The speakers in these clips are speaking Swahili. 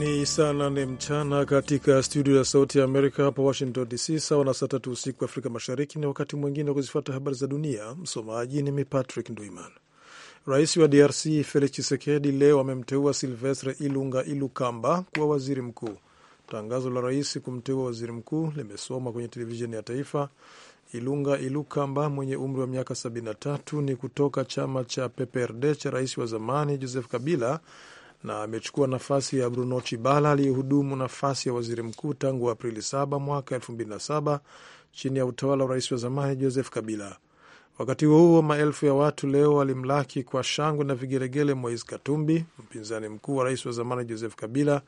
Ni saa nane mchana katika studio ya Sauti ya Amerika hapa Washington DC, sawa na saa tatu usiku Afrika Mashariki. Ni wakati mwingine wa kuzifuata habari za dunia. Msomaji ni mi Patrick Nduiman. Rais wa DRC Felix Chisekedi leo amemteua Silvestre Ilunga Ilukamba kuwa waziri mkuu. Tangazo la rais kumteua waziri mkuu limesoma kwenye televisheni ya taifa. Ilunga Ilukamba mwenye umri wa miaka 73 ni kutoka chama cha PPRD cha rais wa zamani Joseph Kabila na amechukua nafasi ya Bruno Chibala aliyehudumu nafasi ya waziri mkuu tangu Aprili 7 mwaka 2007 chini ya utawala wa rais wa zamani Joseph Kabila. Wakati huo huo, maelfu ya watu leo walimlaki kwa shangwe na vigelegele Moise Katumbi, mpinzani mkuu wa rais wa zamani Joseph Kabila,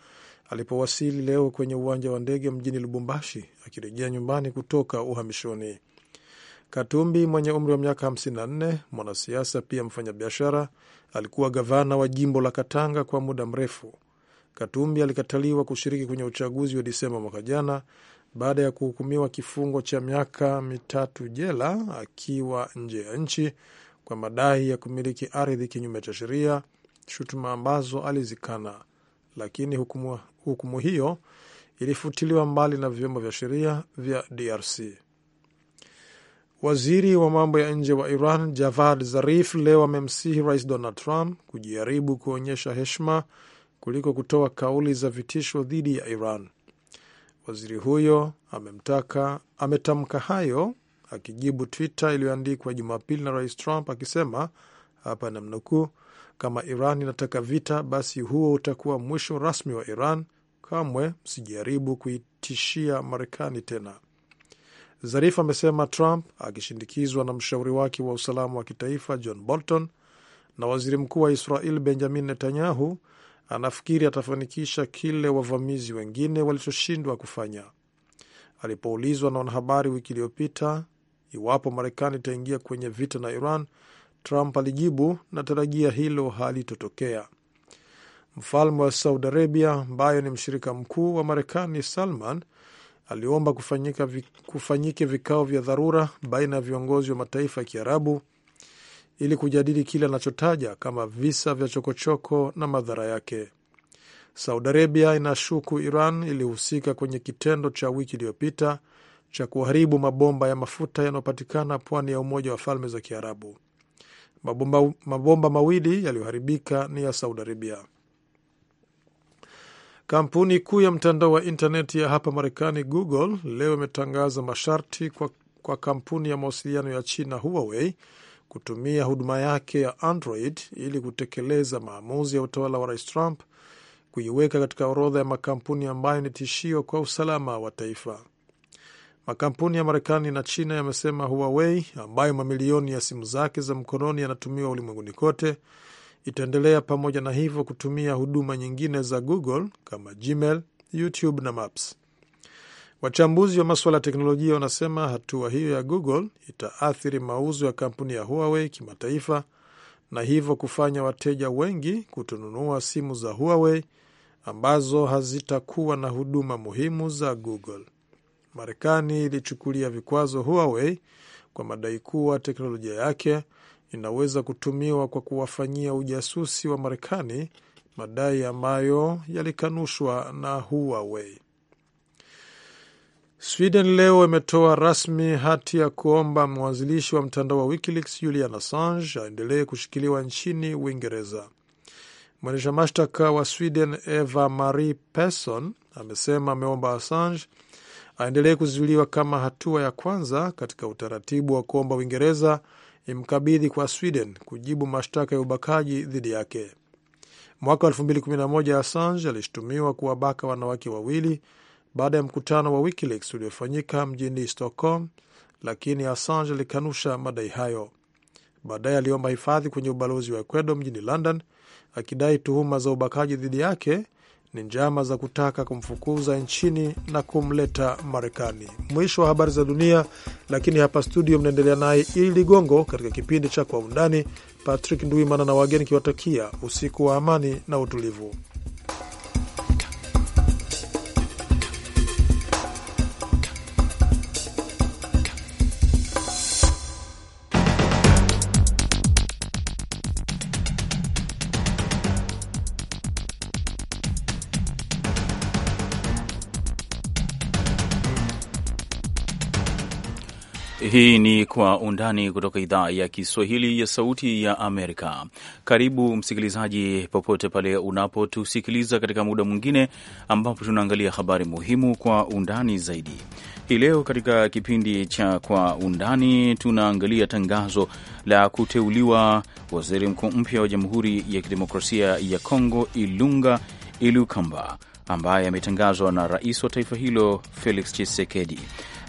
alipowasili leo kwenye uwanja wa ndege mjini Lubumbashi akirejea nyumbani kutoka uhamishoni. Katumbi mwenye umri wa miaka 54, mwanasiasa pia mfanyabiashara, alikuwa gavana wa jimbo la Katanga kwa muda mrefu. Katumbi alikataliwa kushiriki kwenye uchaguzi wa Disemba mwaka jana baada ya kuhukumiwa kifungo cha miaka mitatu jela akiwa nje ya nchi kwa madai ya kumiliki ardhi kinyume cha sheria, shutuma ambazo alizikana, lakini hukumu, hukumu hiyo ilifutiliwa mbali na vyombo vya sheria vya DRC. Waziri wa mambo ya nje wa Iran Javad Zarif leo amemsihi Rais Donald Trump kujaribu kuonyesha heshima kuliko kutoa kauli za vitisho dhidi ya Iran. Waziri huyo amemtaka, ametamka hayo akijibu Twitter iliyoandikwa Jumapili na Rais Trump akisema, hapa namnukuu, kama Iran inataka vita, basi huo utakuwa mwisho rasmi wa Iran. Kamwe msijaribu kuitishia Marekani tena. Zarif amesema Trump akishindikizwa na mshauri wake wa usalama wa kitaifa John Bolton na waziri mkuu wa Israel Benjamin Netanyahu anafikiri atafanikisha kile wavamizi wengine walichoshindwa kufanya. Alipoulizwa na wanahabari wiki iliyopita iwapo Marekani itaingia kwenye vita na Iran, Trump alijibu, natarajia hilo halitotokea. Mfalme wa Saudi Arabia, ambayo ni mshirika mkuu wa Marekani, Salman aliomba kufanyika, kufanyike vikao vya dharura baina ya viongozi wa mataifa ya Kiarabu ili kujadili kile anachotaja kama visa vya chokochoko na madhara yake. Saudi Arabia inashuku Iran ilihusika kwenye kitendo cha wiki iliyopita cha kuharibu mabomba ya mafuta yanayopatikana pwani ya Umoja wa Falme za Kiarabu. Mabomba, mabomba mawili yaliyoharibika ni ya Saudi Arabia. Kampuni kuu ya mtandao wa intaneti ya hapa Marekani, Google, leo imetangaza masharti kwa, kwa kampuni ya mawasiliano ya China Huawei kutumia huduma yake ya Android ili kutekeleza maamuzi ya utawala wa Rais Trump kuiweka katika orodha ya makampuni ambayo ni tishio kwa usalama wa taifa. Makampuni ya Marekani na China yamesema Huawei, ambayo mamilioni ya simu zake za mkononi yanatumiwa ulimwenguni kote, itaendelea pamoja na hivyo kutumia huduma nyingine za Google kama Gmail, YouTube na Maps. Wachambuzi wa masuala ya teknolojia wanasema hatua hiyo ya Google itaathiri mauzo ya kampuni ya Huawei kimataifa na hivyo kufanya wateja wengi kutonunua simu za Huawei ambazo hazitakuwa na huduma muhimu za Google. Marekani ilichukulia vikwazo Huawei kwa madai kuwa teknolojia yake inaweza kutumiwa kwa kuwafanyia ujasusi wa Marekani, madai ambayo yalikanushwa na Huawei. Sweden leo imetoa rasmi hati ya kuomba mwanzilishi wa mtandao wa WikiLeaks Julian Assange aendelee kushikiliwa nchini Uingereza. Mwendesha mashtaka wa Sweden Eva Marie Persson amesema ameomba Assange aendelee kuzuiliwa kama hatua ya kwanza katika utaratibu wa kuomba Uingereza imkabidhi kwa Sweden kujibu mashtaka ya ubakaji dhidi yake. Mwaka 2011 Assange alishutumiwa kuwabaka wanawake wawili baada ya mkutano wa WikiLeaks uliofanyika mjini Stockholm, lakini Assange alikanusha madai hayo. Baadaye aliomba hifadhi kwenye ubalozi wa Ecuador mjini London akidai tuhuma za ubakaji dhidi yake ni njama za kutaka kumfukuza nchini na kumleta Marekani. Mwisho wa habari za dunia, lakini hapa studio mnaendelea naye Ili Ligongo katika kipindi cha Kwa Undani. Patrick Nduimana na wageni kiwatakia usiku wa amani na utulivu. Hii ni Kwa Undani kutoka idhaa ya Kiswahili ya Sauti ya Amerika. Karibu msikilizaji, popote pale unapotusikiliza katika muda mwingine ambapo tunaangalia habari muhimu kwa undani zaidi. Hii leo katika kipindi cha Kwa Undani tunaangalia tangazo la kuteuliwa waziri mkuu mpya wa Jamhuri ya Kidemokrasia ya Kongo, Ilunga Ilukamba, ambaye ametangazwa na rais wa taifa hilo Felix Tshisekedi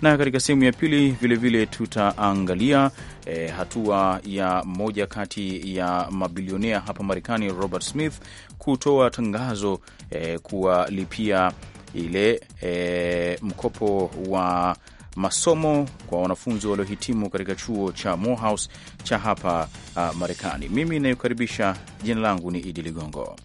na katika sehemu ya pili vilevile tutaangalia e, hatua ya moja kati ya mabilionea hapa Marekani, Robert Smith kutoa tangazo e, kuwalipia ile e, mkopo wa masomo kwa wanafunzi waliohitimu katika chuo cha Morehouse cha hapa ah, Marekani. Mimi inayokaribisha, jina langu ni Idi Ligongo.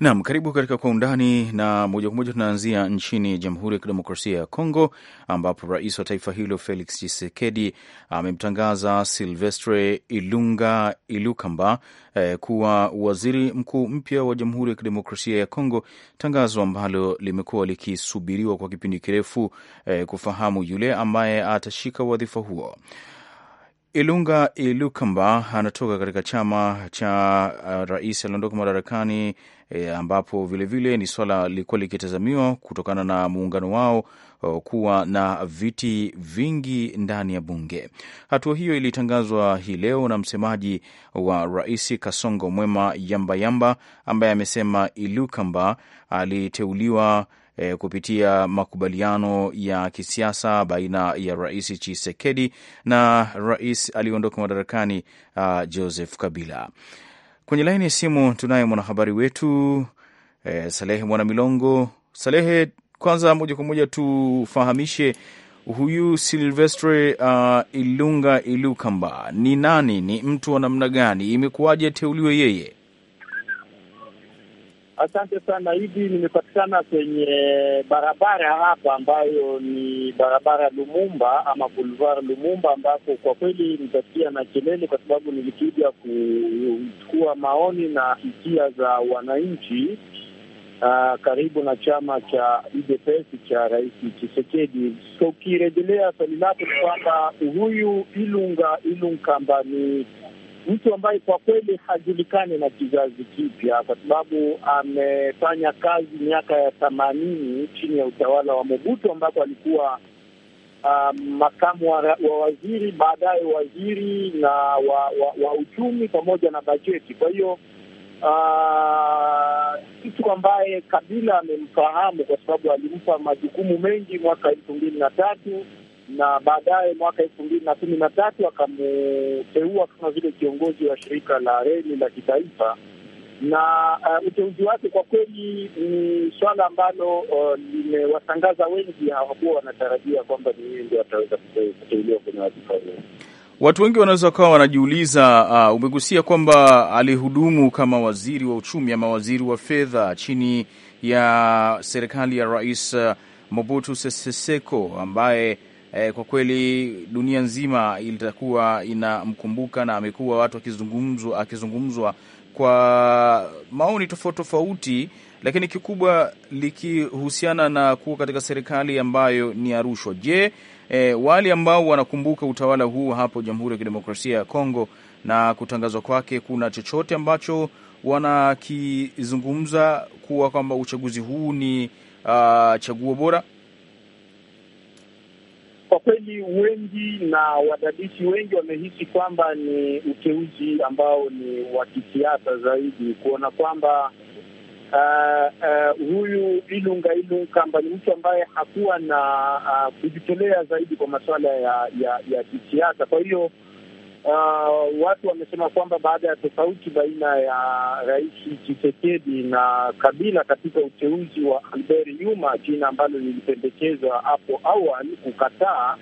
Naam, karibu katika Kwa Undani, na moja kwa moja tunaanzia nchini Jamhuri ya Kidemokrasia ya Kongo, ambapo rais wa taifa hilo Felix Tshisekedi amemtangaza Silvestre Ilunga Ilukamba eh, kuwa waziri mkuu mpya wa Jamhuri ya Kidemokrasia ya Kongo, tangazo ambalo limekuwa likisubiriwa kwa kipindi kirefu eh, kufahamu yule ambaye atashika wadhifa huo. Ilunga Ilukamba anatoka katika chama cha uh, rais aliondoka madarakani e, ambapo vilevile vile, ni swala lilikuwa likitazamiwa kutokana na muungano wao uh, kuwa na viti vingi ndani ya bunge. Hatua hiyo ilitangazwa hii leo na msemaji wa rais Kasongo Mwema Yambayamba, ambaye amesema Ilukamba aliteuliwa e, kupitia makubaliano ya kisiasa baina ya Rais Chisekedi na rais aliyeondoka madarakani uh, Joseph Kabila. Kwenye laini ya simu tunaye mwanahabari wetu e, Salehe Mwanamilongo. Salehe, kwanza moja kwa moja tufahamishe huyu Silvestre uh, Ilunga Ilukamba ni nani? Ni mtu wa namna gani? Imekuwaje ateuliwe yeye? Asante sana hivi, nimepatikana kwenye barabara hapa ambayo ni barabara Lumumba ama Boulevard Lumumba, ambapo kwa kweli nitasikia na kelele, kwa sababu nilikuja kuchukua maoni na hisia za wananchi uh, karibu na chama cha UDPS cha Rais chisekedi So ukirejelea swali lako ni kwamba huyu Ilunga Ilunkamba ni mtu ambaye kwa kweli hajulikani na kizazi kipya, kwa sababu amefanya kazi miaka ya themanini chini ya utawala wa Mobutu, ambako alikuwa uh, makamu wa, wa waziri, baadaye waziri na wa, wa, wa uchumi pamoja na bajeti. Kwa hiyo uh, mtu uh, ambaye Kabila amemfahamu kwa sababu alimpa majukumu mengi mwaka elfu mbili na tatu na baadaye mwaka elfu mbili na kumi na tatu akamuteua kama vile kiongozi wa shirika la reli la kitaifa na uh, uteuzi wake kwa kweli ni swala ambalo uh, limewatangaza wengi, hawakuwa wanatarajia kwamba ni yeye ndio ataweza kuteuliwa kwenye wadhifa huo. Watu wengi wanaweza wakawa wanajiuliza. Uh, umegusia kwamba alihudumu kama waziri wa uchumi ama waziri wa fedha chini ya serikali ya Rais uh, Mobutu Sese Seko ambaye eh, kwa kweli dunia nzima ilitakuwa inamkumbuka na amekuwa watu akizungumzwa akizungumzwa kwa maoni tofauti tofauti, lakini kikubwa likihusiana na kuwa katika serikali ambayo ni ya rushwa. Je, eh, wale ambao wanakumbuka utawala huu hapo Jamhuri ya Kidemokrasia ya Kongo na kutangazwa kwake, kuna chochote ambacho wanakizungumza kuwa kwamba uchaguzi huu ni uh, chaguo bora? Kwa kweli wengi na wadadisi wengi wamehisi kwamba ni uteuzi ambao ni wa kisiasa zaidi, kuona kwamba uh, uh, huyu Ilunga Ilunkamba ni mtu ambaye hakuwa na uh, kujitolea zaidi kwa masuala ya ya, ya kisiasa. Kwa hiyo uh, watu wamesema kwamba baada ya tofauti baina ya Rais chisekedi na Kabila katika uteuzi wa Albert Yuma, jina ambalo lilipendekezwa hapo awali, kukataa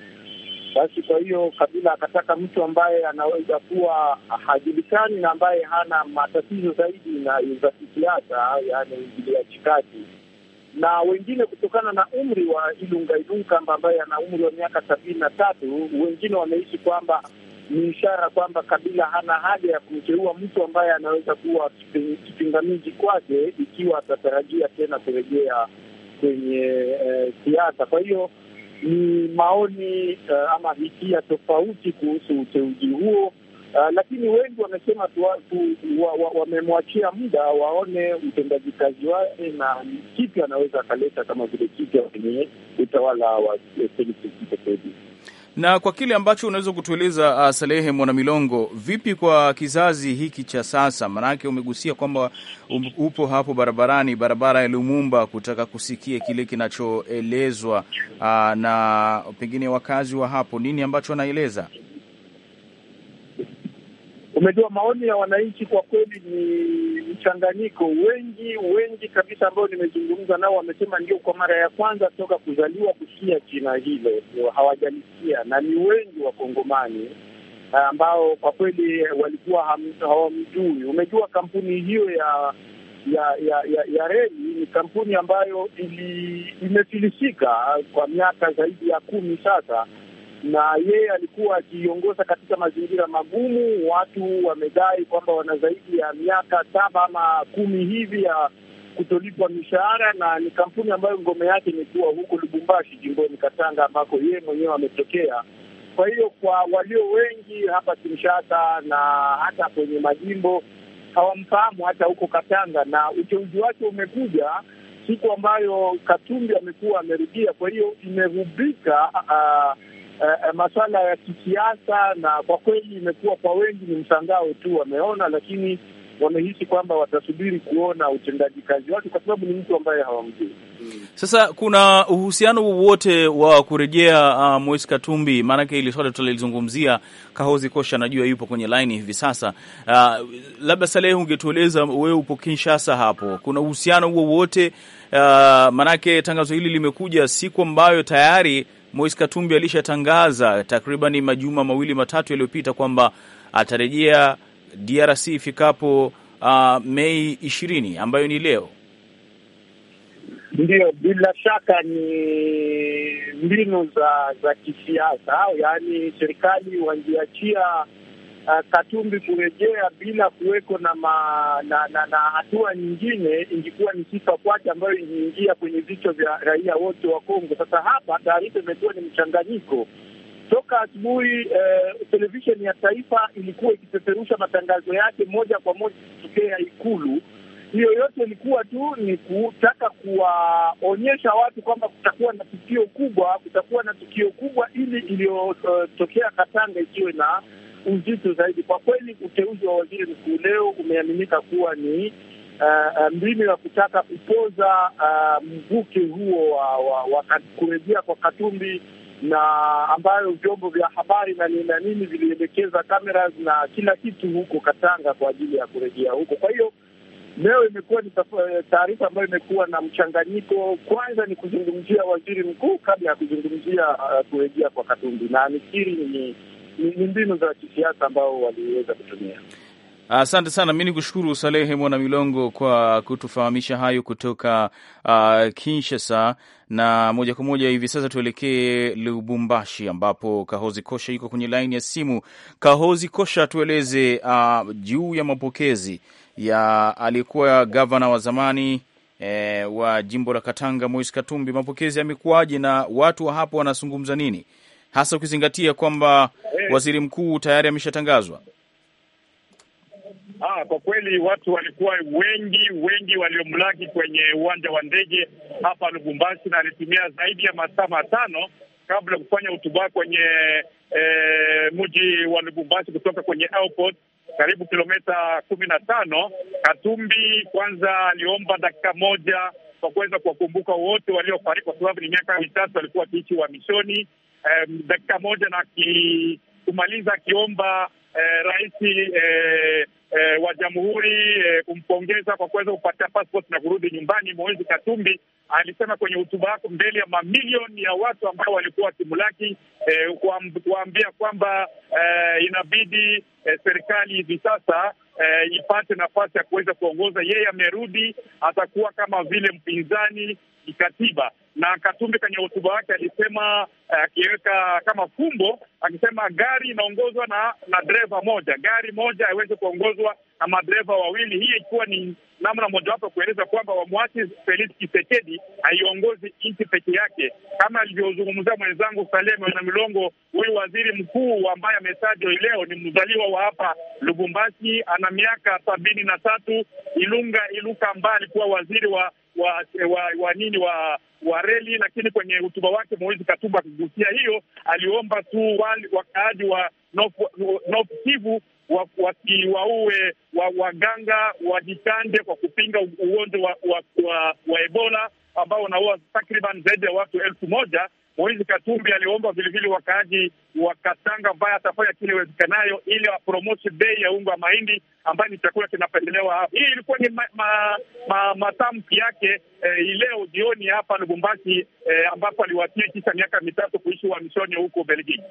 basi kwa hiyo Kabila akataka mtu ambaye anaweza kuwa hajulikani na ambaye hana matatizo zaidi na za kisiasa, yaani uingiliaji kati, na wengine kutokana na umri wa Ilunga Ilunkamba ambaye ana umri wa miaka sabini na tatu, wengine wameishi kwamba ni ishara kwamba Kabila hana haja ya kumteua mtu ambaye anaweza kuwa kipingamizi kwake ikiwa atatarajia tena kurejea kwenye eh, siasa. Kwa hiyo ni maoni uh, ama hisia tofauti kuhusu uteuzi huo. Uh, lakini wengi wamesema wamemwachia wa, wa muda waone utendaji kazi wake na kipi anaweza akaleta kama vile kipya kwenye utawala wa Felix Tshisekedi. Na kwa kile ambacho unaweza kutueleza uh, Salehe Mwanamilongo, vipi kwa kizazi hiki cha sasa? Maanake umegusia kwamba um, upo hapo barabarani, barabara ya Lumumba, kutaka kusikia kile kinachoelezwa uh, na pengine wakazi wa hapo, nini ambacho wanaeleza? Umejua, maoni ya wananchi kwa kweli ni mchanganyiko. Wengi wengi kabisa ambao nimezungumza nao wamesema ndio kwa mara ya kwanza toka kuzaliwa kusikia jina hilo, hawajalisikia, na ni wengi Wakongomani eh, ambao kwa kweli walikuwa hawamjui. Umejua, kampuni hiyo ya ya ya ya, ya reli ni kampuni ambayo ili, imefilisika kwa miaka zaidi ya kumi sasa na yeye alikuwa akiongoza katika mazingira magumu. Watu wamedai kwamba wana zaidi ya miaka saba ama kumi hivi ya kutolipwa mishahara, na ni kampuni ambayo ngome yake imekuwa huko Lubumbashi, jimboni Katanga, ambako yeye mwenyewe ametokea. Kwa hiyo kwa walio wengi hapa Kinshasa na hata kwenye majimbo hawamfahamu hata huko Katanga, na uteuzi wake umekuja siku ambayo Katumbi amekuwa amerudia. Kwa hiyo imehubika uh, ah, uh, eh, eh, masuala ya kisiasa, na kwa kweli imekuwa kwa wengi ni mshangao tu, wameona lakini wamehisi kwamba watasubiri kuona utendaji kazi wake kwa sababu ni mtu ambaye hawamjui. Hmm. Sasa kuna uhusiano wowote wa kurejea uh, Moise Katumbi? Maanake ili swala tutalizungumzia. Kahozi Kosha najua yupo kwenye laini hivi sasa. Uh, labda Salehe, ungetueleza wewe, upo Kinshasa hapo, kuna uhusiano wowote uh, maanake tangazo hili limekuja siku ambayo tayari Moise Katumbi alishatangaza takriban majuma mawili matatu yaliyopita kwamba atarejea DRC ifikapo uh, Mei ishirini ambayo ni leo. Ndiyo, bila shaka ni mbinu za za kisiasa, yaani serikali wangiachia uh, Katumbi kurejea bila kuweko na, na, na, na hatua nyingine ingekuwa ni sifa kwake ambayo ingeingia kwenye vichwa vya raia wote wa Kongo. Sasa hapa taarifa imekuwa ni mchanganyiko toka asubuhi Uh, televisheni ya taifa ilikuwa ikipeperusha matangazo yake moja kwa moja kutokea Ikulu. Hiyo yote ilikuwa tu ni kutaka kuwaonyesha watu kwamba kutakuwa na tukio kubwa, kutakuwa na tukio kubwa ili iliyotokea uh, Katanga ikiwe na uzito zaidi. Kwa kweli, uteuzi wa waziri mkuu leo umeaminika kuwa ni uh, mbinu ya kutaka kupoza uh, mvuke huo wa, wa, wa kurejea kwa Katumbi na ambayo vyombo vya habari na nini na nini vilielekeza kamera na kila kitu huko Katanga kwa ajili ya kurejea huko. Kwa hiyo leo imekuwa ni taarifa ambayo imekuwa na mchanganyiko. Kwanza ni kuzungumzia waziri mkuu kabla ya kuzungumzia uh, kurejea kwa Katumbi, na nafikiri ni ni mbinu za kisiasa ambao waliweza kutumia. Asante sana, mi ni kushukuru Salehe Mwana Milongo kwa kutufahamisha hayo kutoka uh, Kinshasa. Na moja kwa moja hivi sasa tuelekee Lubumbashi, ambapo Kahozi Kosha yuko kwenye laini ya simu. Kahozi Kosha, tueleze uh, juu ya mapokezi ya aliyekuwa gavana wa zamani eh, wa jimbo la Katanga, mois Katumbi. Mapokezi yamekuwaje na watu wa hapo wanazungumza nini, hasa ukizingatia kwamba Eh, waziri mkuu tayari ameshatangazwa? Ah, kwa kweli watu walikuwa wengi wengi waliomlaki kwenye uwanja wa ndege hapa Lubumbashi, na alitumia zaidi ya masaa matano kabla ya kufanya hotuba kwenye eh, mji wa Lubumbashi kutoka kwenye airport karibu kilomita kumi na tano. Katumbi kwanza aliomba dakika moja kwa kuweza kuwakumbuka wote waliofariki, kwa sababu ni miaka mitatu walikuwa wakiishi uhamishoni. Um, dakika moja na ki kumaliza akiomba eh, rais eh, eh, wa jamhuri eh, kumpongeza kwa kuweza kupata passport na kurudi nyumbani. Moizi Katumbi alisema kwenye hotuba yako mbele ya mamilioni ya watu ambao walikuwa timulaki eh, kuambia kwamba eh, inabidi eh, serikali hivi sasa eh, ipate nafasi ya kuweza kuongoza. Yeye amerudi, atakuwa kama vile mpinzani kikatiba. Na Katumbi kwenye hotuba wake alisema eh, akiweka uh, kama fumbo akisema gari inaongozwa na na dereva moja, gari moja haiwezi kuongozwa na madereva wawili, hii ikiwa ni namna mojawapo ya kueleza kwamba wamwachi Felix Tshisekedi haiongozi nchi peke yake, kama alivyozungumzia mwenzangu Saleh Mwana Milongo. Huyu waziri mkuu ambaye ametajwa leo ni mzaliwa wa hapa Lubumbashi, ana miaka sabini na tatu. Ilunga Iluka ambaye alikuwa waziri wa wa, wa, wa nini wa wa reli, lakini kwenye hutuba wake Moise Katumba kugusia hiyo, aliomba tu wakaaji wa North Kivu wasiwaue waganga wajitande kwa kupinga ugonjwa wa, wa, wa, wa Ebola ambao unaua takriban zaidi ya watu elfu moja Moise Katumbi aliomba vilevile wakaaji wa Katanga ambaye atafanya kile iwezekanayo ili wapromote bei ya unga wa mahindi ambayo ni chakula kinapendelewa hapa. Hii ilikuwa ni ma, ma, ma, matamki yake eh, ileo jioni hapa Lubumbashi eh, ambapo aliwatia kisha miaka mitatu kuishi uhamishoni huko Belgiji.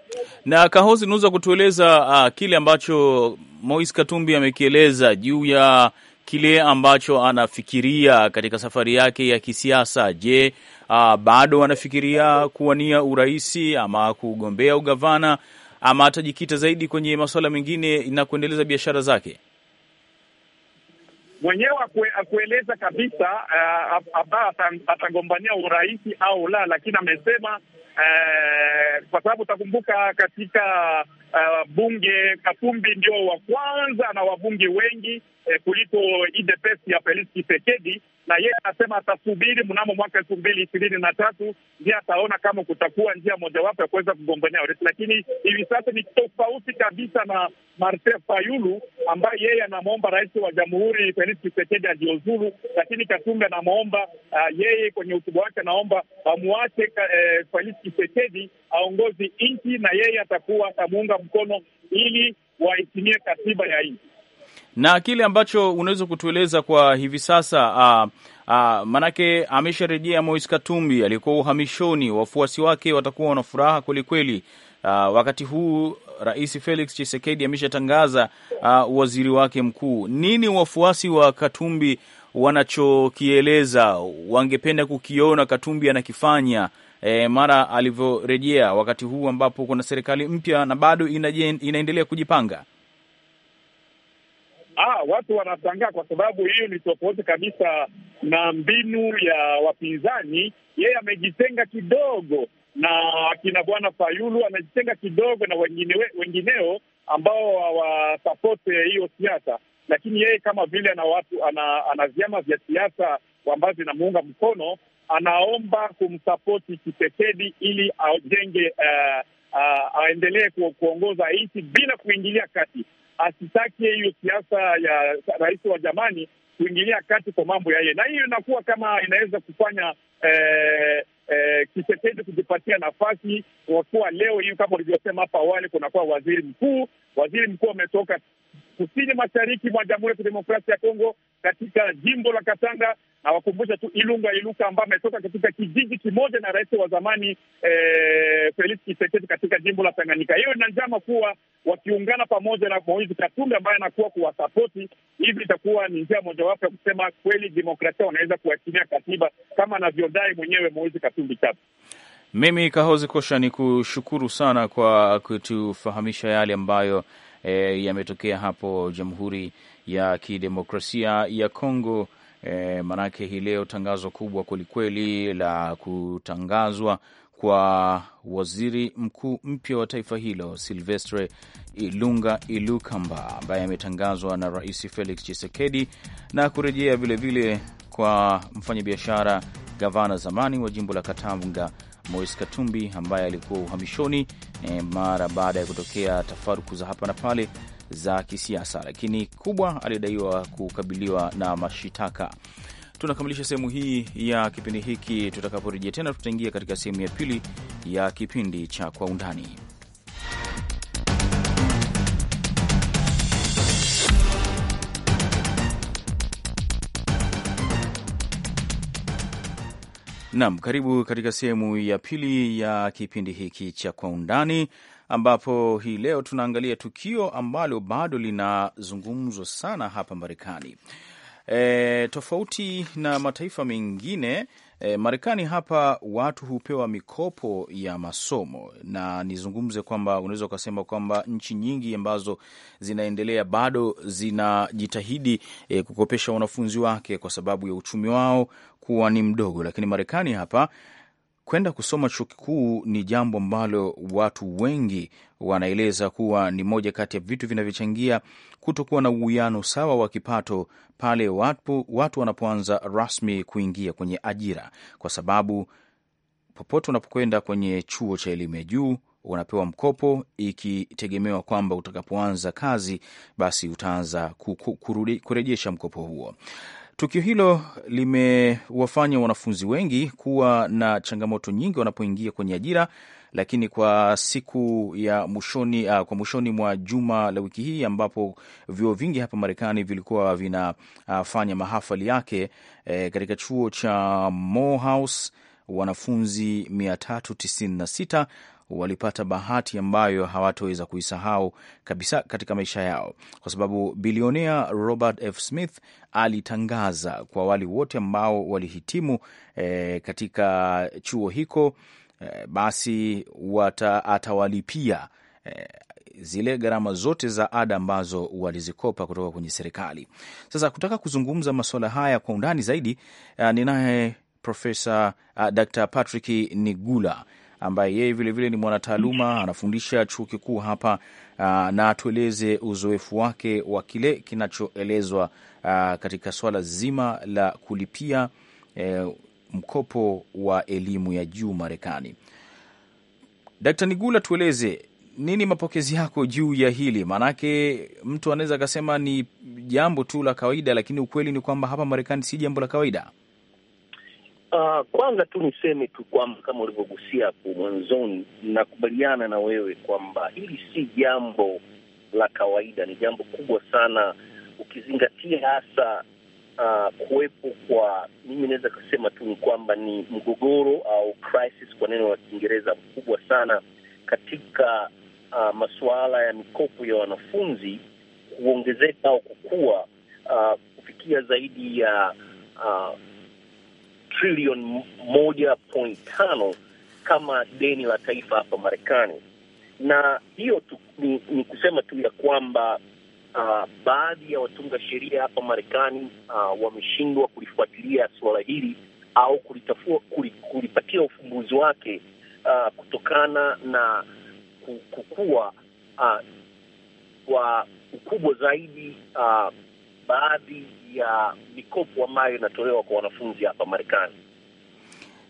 Na Kahozi, unaweza kutueleza uh, kile ambacho Moise Katumbi amekieleza juu ya kile ambacho anafikiria katika safari yake ya kisiasa. Je, uh, bado wanafikiria kuwania uraisi ama kugombea ugavana ama atajikita zaidi kwenye masuala mengine na kuendeleza biashara zake mwenyewe akueleza kabisa hapa eh, uh, atagombania urahisi au la, lakini amesema uh, kwa sababu utakumbuka katika uh, bunge Katumbi ndio wa kwanza na wabunge wengi uh, kuliko ile ya Felix Tshisekedi na yeye anasema atasubiri mnamo mwaka elfu mbili ishirini na tatu ndiye ataona kama kutakuwa njia mojawapo ya kuweza kugombania urais, lakini hivi sasa ni tofauti kabisa na Marte Fayulu ambaye yeye anamwomba rais wa jamhuri Felix Tshisekedi ajiuzulu, lakini Katumbi anamwomba uh, yeye kwenye hotuba wake anaomba amwache eh, Felix Tshisekedi aongozi nchi na yeye atakuwa atamuunga mkono ili waitimie katiba ya nchi na kile ambacho unaweza kutueleza kwa hivi sasa uh, uh, manake amesharejea Moise Katumbi aliyekuwa uhamishoni. Wafuasi wake watakuwa wana furaha kwelikweli. Uh, wakati huu Rais Felix Tshisekedi ameshatangaza uh, waziri wake mkuu. Nini wafuasi wa Katumbi wanachokieleza, wangependa kukiona Katumbi anakifanya e, mara alivyorejea, wakati huu ambapo kuna serikali mpya na bado inaendelea kujipanga? Ah, watu wanashangaa kwa sababu hiyo ni tofauti kabisa na mbinu ya wapinzani. Yeye amejitenga kidogo na akina bwana Fayulu, amejitenga kidogo na wengine, wengineo ambao hawasapote hiyo siasa, lakini yeye kama vile ana watu ana, ana vyama vya siasa ambazo vinamuunga mkono, anaomba kumsapoti Tshisekedi ili ajenge uh, uh, aendelee ku, kuongoza nchi bila kuingilia kati asitake hiyo siasa ya rais wa zamani kuingilia kati kwa mambo yaye na hiyo inakuwa kama inaweza kufanya eh, eh, Kisekedi kujipatia nafasi kwa kuwa leo hiyo, kama ulivyosema hapa awali, kunakuwa waziri mkuu, waziri mkuu ametoka kusini mashariki mwa Jamhuri ya Kidemokrasia ya Kongo katika jimbo la Katanga awakumbushe tu Ilunga Iluka ambaye ametoka katika kijiji kimoja na rais wa zamani eh, Felix Tshisekedi katika jimbo la Tanganyika. Hiyo ina njama kuwa wakiungana pamoja na Moizi Katumbi ambaye anakuwa kuwasapoti hivi, itakuwa ni njia mojawapo ya kusema kweli demokrasia wanaweza kuachilia katiba kama anavyodai mwenyewe Moizi Katumbi chapu Mimi Kahozi Kosha ni kushukuru sana kwa kutufahamisha yale ambayo e, yametokea hapo Jamhuri ya Kidemokrasia ya Kongo E, maanake hii leo tangazo kubwa kwelikweli la kutangazwa kwa waziri mkuu mpya wa taifa hilo Silvestre Ilunga Ilukamba ambaye ametangazwa na Rais Felix Tshisekedi na kurejea vilevile kwa mfanyabiashara gavana zamani wa jimbo la Katanga mois Katumbi ambaye alikuwa uhamishoni e, mara baada ya kutokea tafaruku za hapa na pale za kisiasa, lakini kubwa aliyodaiwa kukabiliwa na mashitaka. Tunakamilisha sehemu hii ya kipindi hiki. Tutakaporejea tena, tutaingia katika sehemu ya pili ya kipindi cha Kwa Undani. Naam, karibu katika sehemu ya pili ya kipindi hiki cha Kwa Undani ambapo hii leo tunaangalia tukio ambalo bado linazungumzwa sana hapa Marekani. E, tofauti na mataifa mengine e, Marekani hapa watu hupewa mikopo ya masomo, na nizungumze kwamba unaweza ukasema kwamba nchi nyingi ambazo zinaendelea bado zinajitahidi e, kukopesha wanafunzi wake kwa sababu ya uchumi wao kuwa ni mdogo, lakini Marekani hapa kwenda kusoma chuo kikuu ni jambo ambalo watu wengi wanaeleza kuwa ni moja kati ya vitu vinavyochangia kutokuwa na uwiano sawa wa kipato pale watu, watu wanapoanza rasmi kuingia kwenye ajira, kwa sababu popote unapokwenda kwenye chuo cha elimu ya juu unapewa mkopo ikitegemewa kwamba utakapoanza kazi basi utaanza kurejesha mkopo huo. Tukio hilo limewafanya wanafunzi wengi kuwa na changamoto nyingi wanapoingia kwenye ajira, lakini kwa siku ya mwishoni uh, kwa mwishoni mwa juma la wiki hii ambapo vyuo vingi hapa Marekani vilikuwa vinafanya uh, mahafali yake eh, katika chuo cha Morehouse wanafunzi 396 walipata bahati ambayo hawataweza kuisahau kabisa katika maisha yao, kwa sababu bilionea Robert F. Smith alitangaza kwa wale wote ambao walihitimu e, katika chuo hiko e, eh, basi wata, atawalipia e, zile gharama zote za ada ambazo walizikopa kutoka kwenye serikali. Sasa kutaka kuzungumza masuala haya kwa undani zaidi, ninaye Profesa Dr. Patrick Nigula ambaye yeye vilevile ni mwanataaluma anafundisha chuo kikuu hapa uh, na atueleze uzoefu wake wa kile kinachoelezwa uh, katika swala zima la kulipia uh, mkopo wa elimu ya juu Marekani. Dkt. Nigula, tueleze nini mapokezi yako juu ya hili? Maanake mtu anaweza akasema ni jambo tu la kawaida, lakini ukweli ni kwamba hapa Marekani si jambo la kawaida. Uh, kwanza tu niseme tu kwamba kama ulivyogusia hapo mwanzoni, nakubaliana na wewe kwamba hili si jambo la kawaida, ni jambo kubwa sana ukizingatia hasa uh, kuwepo kwa, mimi naweza kusema tu ni kwamba ni mgogoro au crisis kwa neno la Kiingereza mkubwa sana katika uh, masuala ya mikopo ya wanafunzi kuongezeka au kukua uh, kufikia zaidi ya uh, trilioni moja point tano kama deni la taifa hapa Marekani, na hiyo tu, ni, ni kusema tu ya kwamba uh, baadhi ya watunga sheria hapa Marekani uh, wameshindwa kulifuatilia suala hili au kulitafua, kulipatia ufumbuzi wake uh, kutokana na kukua uh, kwa ukubwa zaidi uh, baadhi ya mikopo ambayo inatolewa kwa wanafunzi hapa Marekani.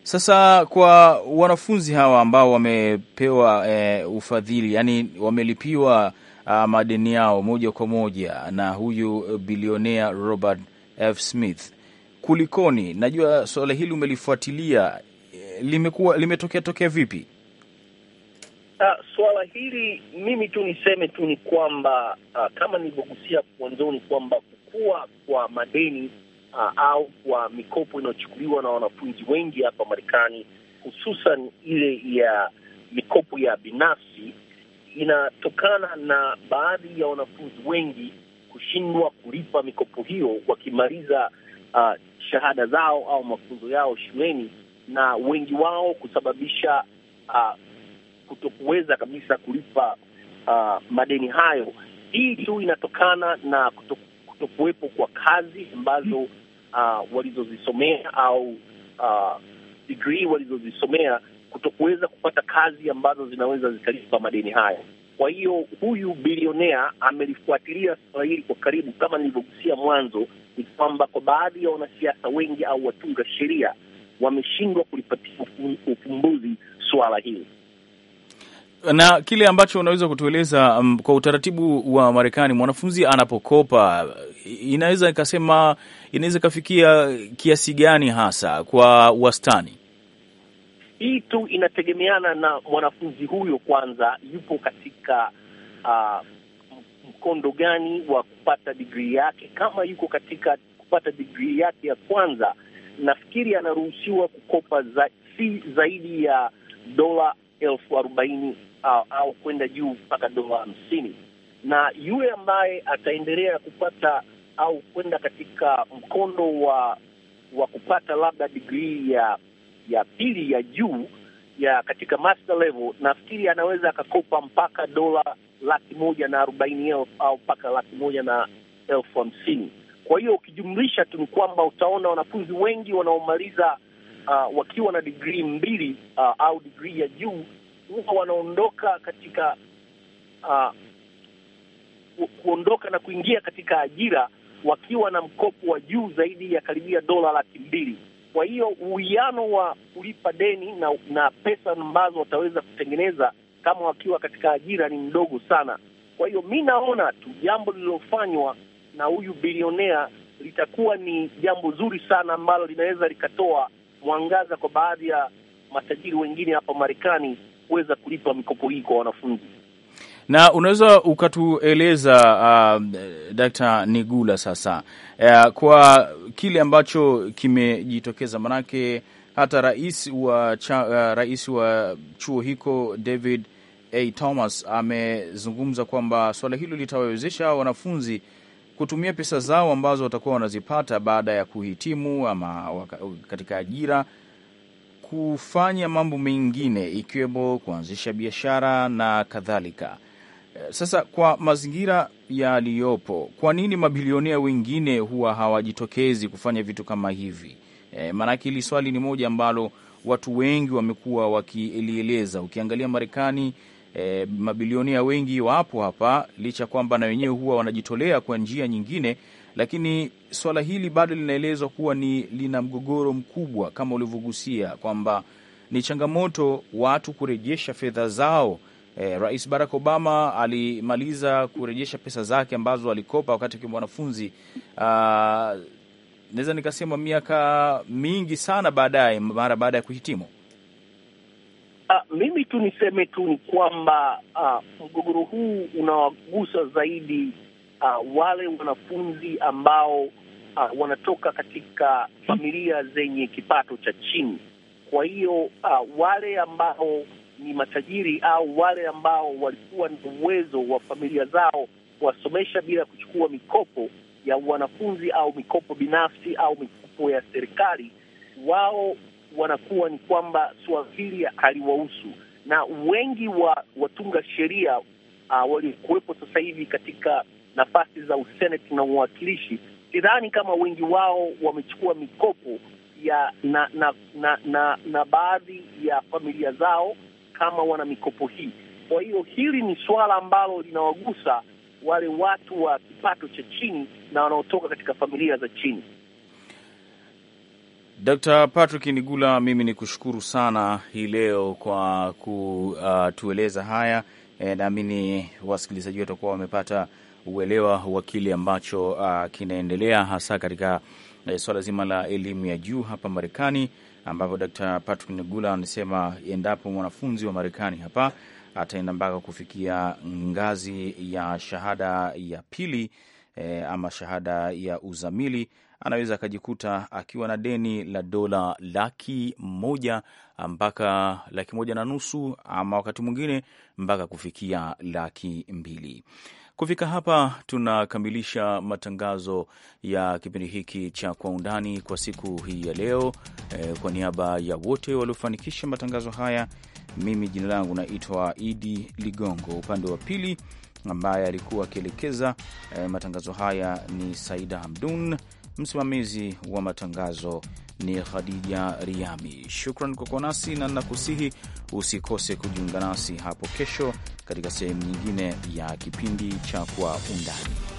Sasa kwa wanafunzi hawa ambao wamepewa e, ufadhili yani wamelipiwa a, ah, madeni yao moja kwa moja na huyu eh, bilionea Robert F. Smith, kulikoni? Najua suala hili umelifuatilia, eh, limekuwa limetokea tokea vipi? Uh, ah, suala hili mimi tu niseme tu ni kwamba uh, kama nilivyogusia mwanzoni kwamba kupungua kwa madeni uh, au kwa mikopo inayochukuliwa na wanafunzi wengi hapa Marekani, hususan ile ya mikopo ya binafsi, inatokana na baadhi ya wanafunzi wengi kushindwa kulipa mikopo hiyo wakimaliza uh, shahada zao au mafunzo yao shuleni, na wengi wao kusababisha uh, kutokuweza kabisa kulipa uh, madeni hayo. Hii tu inatokana na kutoku kutokuwepo kwa kazi ambazo uh, walizozisomea au uh, degree walizozisomea kutokuweza kupata kazi ambazo zinaweza zikalipa madeni haya. Kwa hiyo huyu bilionea amelifuatilia suala hili kwa karibu. Kama nilivyogusia mwanzo, ni kwamba kwa baadhi ya wanasiasa wengi au watunga sheria wameshindwa kulipatia ufumbuzi suala hili na kile ambacho unaweza kutueleza um, kwa utaratibu wa Marekani, mwanafunzi anapokopa inaweza ikasema, inaweza ikafikia kiasi gani hasa kwa wastani? Hii tu inategemeana na mwanafunzi huyo, kwanza yupo katika uh, mkondo gani wa kupata digrii yake. Kama yuko katika kupata digrii yake ya kwanza, nafikiri anaruhusiwa kukopa za, si zaidi ya dola elfu arobaini au, au kwenda juu mpaka dola hamsini, na yule ambaye ataendelea kupata au kwenda katika mkondo wa wa kupata labda digrii ya ya pili ya juu ya katika master level, nafikiri anaweza akakopa mpaka dola laki moja na arobaini elfu au mpaka laki moja na elfu hamsini. Kwa hiyo ukijumlisha tu ni kwamba utaona wanafunzi wengi wanaomaliza uh, wakiwa na digrii mbili uh, au digrii ya juu huwa wanaondoka katika uh, kuondoka na kuingia katika ajira wakiwa na mkopo wa juu zaidi ya karibia dola laki mbili. Kwa hiyo uwiano wa kulipa deni na, na pesa ambazo wataweza kutengeneza kama wakiwa katika ajira ni mdogo sana. Kwa hiyo mi naona tu jambo lililofanywa na huyu bilionea litakuwa ni jambo zuri sana ambalo linaweza likatoa mwangaza kwa baadhi ya matajiri wengine hapa Marekani kuweza kulipa mikopo hii kwa wanafunzi. Na unaweza ukatueleza uh, um, Daktari Nigula sasa uh, kwa kile ambacho kimejitokeza manake hata rais wa, cha, uh, rais wa chuo hiko David A. Thomas amezungumza kwamba suala hilo litawawezesha wanafunzi kutumia pesa zao ambazo watakuwa wanazipata baada ya kuhitimu ama katika ajira kufanya mambo mengine ikiwemo kuanzisha biashara na kadhalika. Eh, sasa kwa mazingira yaliyopo, kwa nini mabilionea wengine huwa hawajitokezi kufanya vitu kama hivi? E, maanake hili swali ni moja ambalo watu wengi wamekuwa wakilieleza. Ukiangalia Marekani, e, mabilionea wengi wapo hapa, licha kwamba na wenyewe huwa wanajitolea kwa njia nyingine lakini swala hili bado linaelezwa kuwa ni lina mgogoro mkubwa kama ulivyogusia kwamba ni changamoto watu kurejesha fedha zao. Eh, Rais Barack Obama alimaliza kurejesha pesa zake ambazo alikopa wakati akiwa mwanafunzi. Uh, naweza nikasema miaka mingi sana baadaye, mara baada ya kuhitimu. Uh, mimi tu niseme tu ni kwamba uh, mgogoro huu unawagusa zaidi uh, wale wanafunzi ambao uh, wanatoka katika familia zenye kipato cha chini. Kwa hiyo uh, wale ambao ni matajiri au wale ambao walikuwa na uwezo wa familia zao kuwasomesha bila kuchukua mikopo ya wanafunzi au mikopo binafsi au mikopo ya serikali, wao wanakuwa ni kwamba suala hili haliwahusu, na wengi wa watunga sheria uh, waliokuwepo sasa hivi katika nafasi za useneti na uwakilishi, sidhani kama wengi wao wamechukua mikopo ya na na na, na, na baadhi ya familia zao kama wana mikopo hii. Kwa hiyo hili ni suala ambalo linawagusa wale watu wa kipato cha chini na wanaotoka katika familia za chini. Dr. Patrick Nigula, mimi ni kushukuru sana hii leo kwa kutueleza haya e, naamini wasikilizaji wetu watakuwa wamepata uelewa wa kile ambacho uh, kinaendelea hasa katika uh, swala zima la elimu ya juu hapa Marekani, ambapo d Patrick negula anasema endapo mwanafunzi wa Marekani hapa ataenda mpaka kufikia ngazi ya shahada ya pili e, ama shahada ya uzamili anaweza akajikuta akiwa na deni la dola laki moja mpaka laki moja na nusu ama wakati mwingine mpaka kufikia laki mbili. Kufika hapa tunakamilisha matangazo ya kipindi hiki cha Kwa Undani kwa siku hii ya leo. E, kwa niaba ya wote waliofanikisha matangazo haya, mimi jina langu naitwa Idi Ligongo, upande wa pili ambaye alikuwa akielekeza e, matangazo haya ni Saida Hamdun. Msimamizi wa matangazo ni Khadija Riami. Shukran kwa kuwa nasi na nakusihi usikose kujiunga nasi hapo kesho katika sehemu nyingine ya kipindi cha Kwa Undani.